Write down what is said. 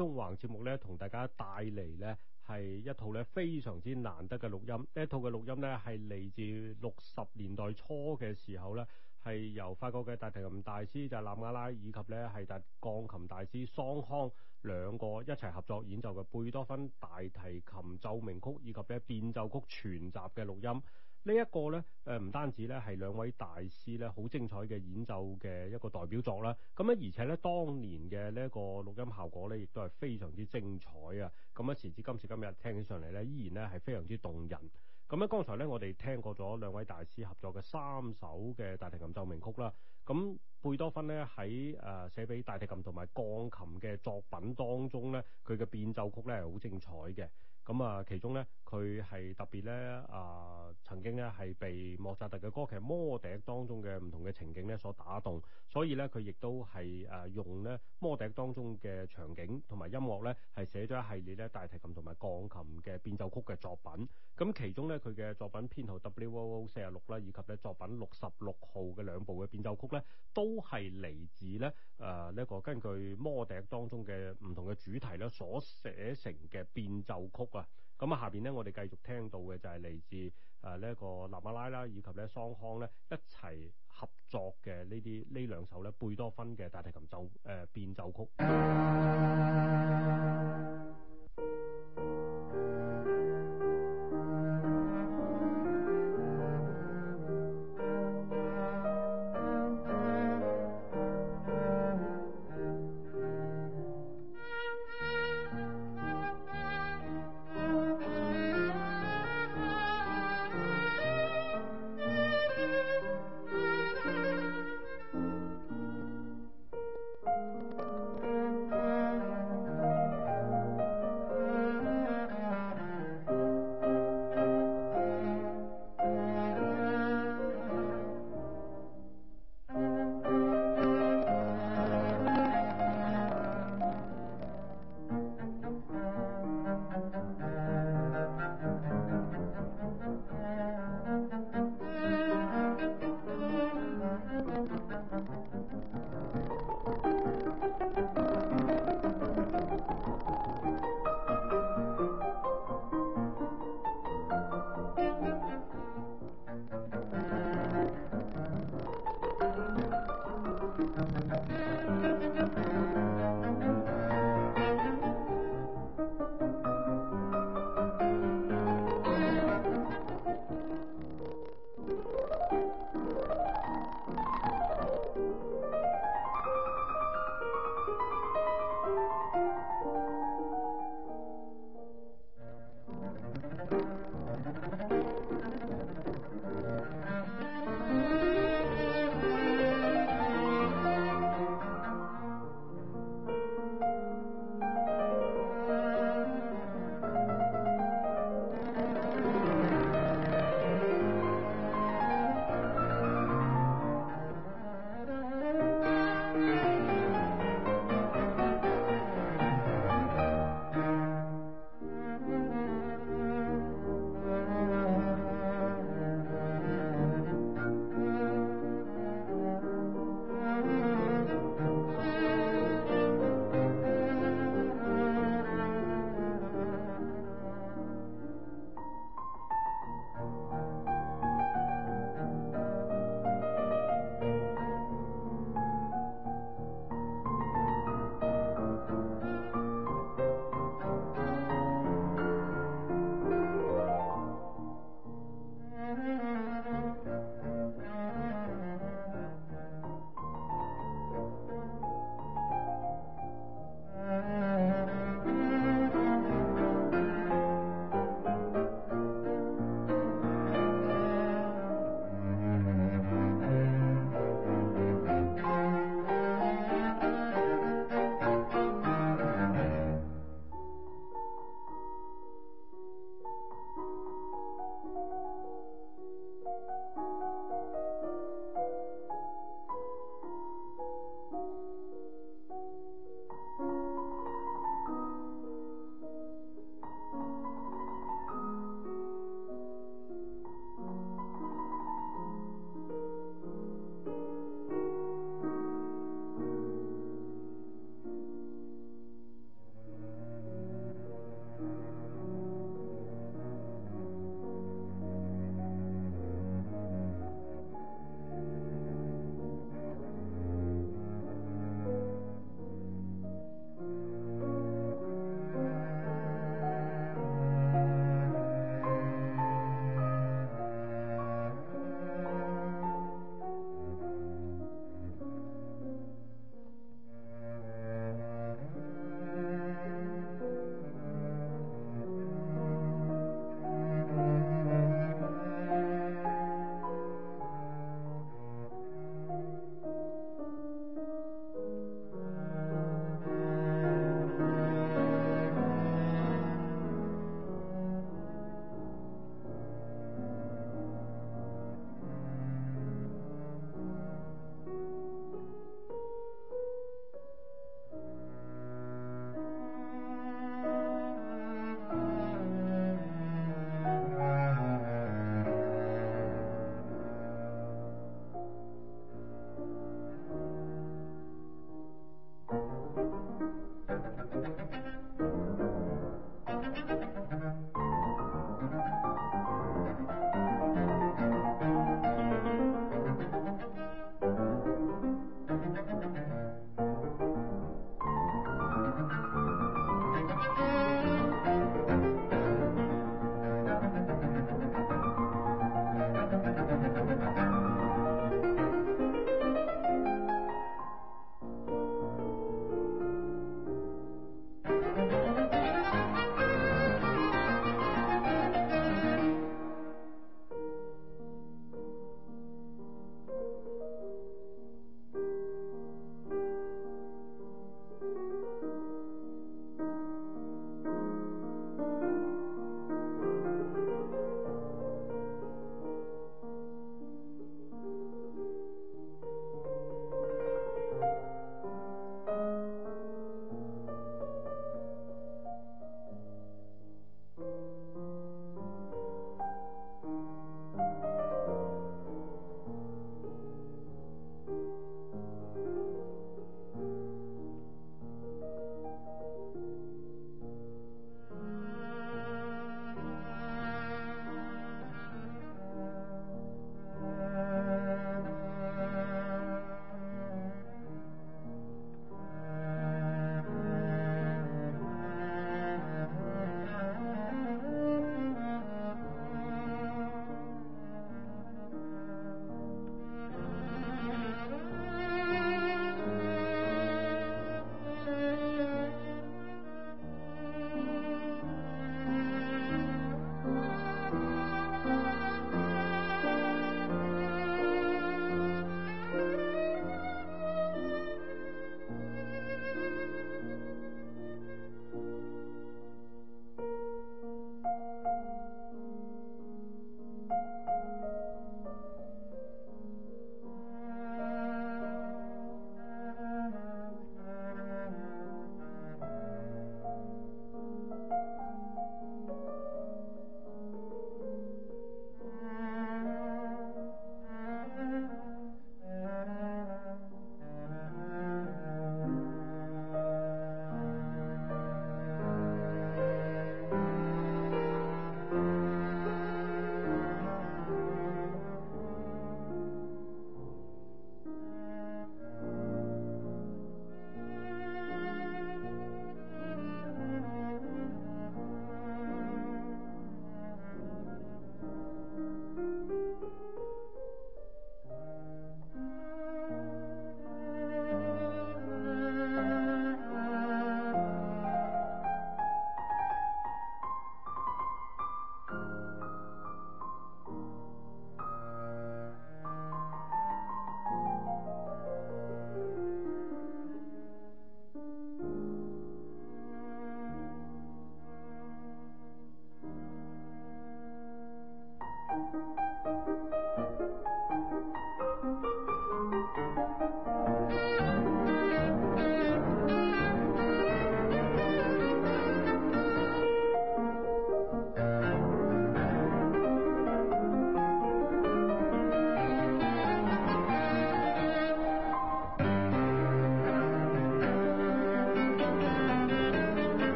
中環節目咧，同大家帶嚟咧係一套咧非常之難得嘅錄音。呢一套嘅錄音咧，係嚟自六十年代初嘅時候咧，係由法國嘅大提琴大師就係南亞拉，以及咧係大鋼琴大師桑康兩個一齊合作演奏嘅貝多芬大提琴奏鳴曲以及咧變奏曲全集嘅錄音。呢一個咧，誒唔單止咧係兩位大師咧好精彩嘅演奏嘅一個代表作啦，咁咧而且咧當年嘅呢一個錄音效果咧，亦都係非常之精彩啊！咁啊，時至今時今日聽起上嚟咧，依然咧係非常之動人。咁咧，剛才咧我哋聽過咗兩位大師合作嘅三首嘅大提琴奏鳴曲啦。咁貝多芬咧喺誒寫俾大提琴同埋鋼琴嘅作品當中咧，佢嘅變奏曲咧係好精彩嘅。咁啊，其中咧。佢係特別咧啊、呃！曾經咧係被莫扎特嘅歌劇《魔笛》當中嘅唔同嘅情景咧所打動，所以咧佢亦都係誒用咧《魔笛》當中嘅場景同埋音樂咧係寫咗一系列咧大提琴同埋鋼琴嘅變奏曲嘅作品。咁其中咧佢嘅作品編號 WoO 46啦，以及咧作品六十六號嘅兩部嘅變奏曲咧，都係嚟自咧誒呢一個根據《魔笛》當中嘅唔同嘅主題咧所寫成嘅變奏曲啊。咁啊，下面咧，我哋繼續聽到嘅就係嚟自誒呢一個納馬拉啦，以及咧桑康咧一齊合作嘅呢啲呢兩首咧貝多芬嘅大提琴奏誒變、呃、奏曲。